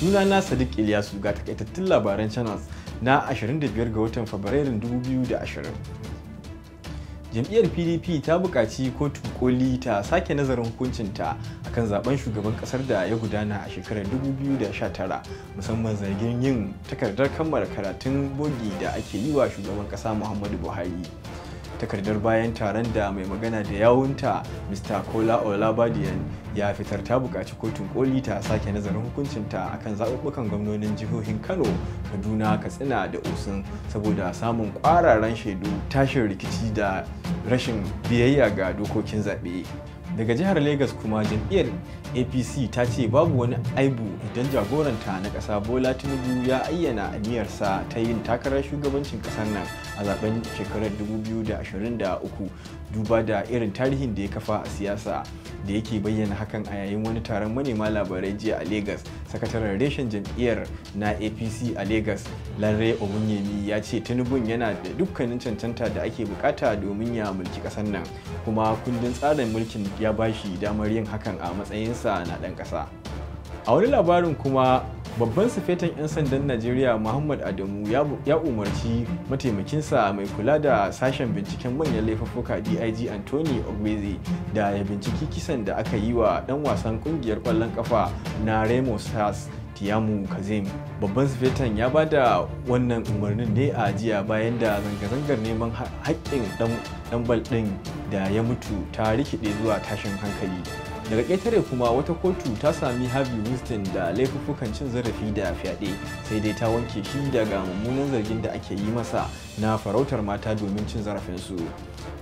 suna na sadiq iliyasu ga takaitattun labaran channels na 25 ga watan fabrairun 2020 jam'iyyar pdp ta buƙaci kotu koli ta sake nazarin hukuncinta akan zaben shugaban kasar da ya gudana a shekarar 2019 musamman zargin yin takardar kammala karatun bogi da ake yi wa shugaban kasa muhammadu buhari takardar bayan taron da mai magana da yawunta mr kola olabadiyan ya fitar ta bukaci kotun koli ta sake nazarin hukuncinta kan zaɓuɓɓukan gwamnonin jihohin kano kaduna katsina da osun saboda samun ƙwararren shaidu tashin rikici da rashin biyayya ga dokokin zaɓe daga jihar lagos kuma jam'iyyar apc ta ce babu wani aibu idan jagoranta na ƙasa bola tinubu ya ayyana aniyarsa ta yin takarar shugabancin ƙasar nan a zaben shekarar 2023 duba da irin tarihin da ya kafa a siyasa da yake bayyana hakan a yayin wani taron manema labarai jiya a Legas. Sakataren reshen jam'iyyar na APC a Legas, Lanre Ogunyemi ya ce Tinubu yana da dukkanin cancanta da ake bukata domin ya mulki kasar nan, kuma kundin tsarin mulkin ya bashi damar yin hakan a matsayinsa na ɗan ƙasa. a wani labarin kuma babban sufetan 'yan sandan najeriya muhammad adamu ya umarci mataimakinsa mai kula da sashen binciken manyan laifuka dig anthony ogbeze da ya binciki kisan da aka yi wa dan wasan kungiyar kwallon kafa na remo stars tiyamu kazim babban sufetan ya ba da wannan umarnin ne a jiya bayan da zanga-zangar neman haƙƙin ɗan ɗin da ya mutu ta rikide zuwa tashin hankali daga ƙetare kuma wata kotu ta sami harvey winston da laifuffukan cin zarafi da fyaɗe sai dai ta wanke shi daga mummunan zargin da ake yi masa na farautar mata domin cin zarafinsu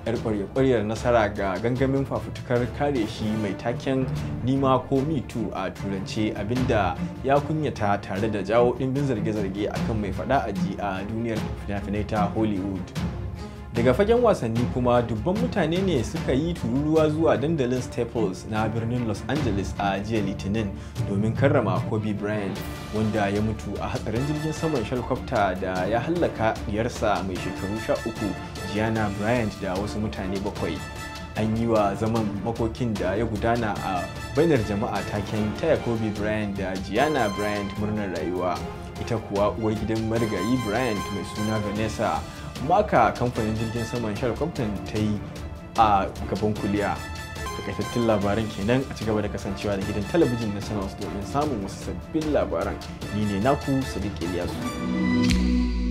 yar ƙwarya kwaryar nasara ga gangamin fafutukar kare shi mai taken nima ko me too a turance abinda ya kunyata tare da jawo ɗimbin zarge-zarge akan mai faɗa aji a duniyar fina-finai ta hollywood daga fagen wasanni kuma dubban mutane ne suka yi tururuwa zuwa dandalin staples na birnin los angeles a jiya litinin domin karrama kobe bryant wanda ya mutu a hatsarin jirgin saman shalkwafta da ya hallaka diyarsa mai shekaru sha uku gianna bryant da wasu mutane bakwai an yi wa zaman makokin da ya gudana a bainar jama'a taken taya kobe bryant da gianna bryant murnar rayuwa ita kuwa uwar gidan marigayi bryant mai suna vanessa maka kamfanin jirgin saman shell kwamfutan ta yi a gaban kuliya takaitattun labaran kenan a cigaba da kasancewa da gidan talabijin na sanarwa domin samun wasu sabbin labaran ni ne naku sadiq iliyasu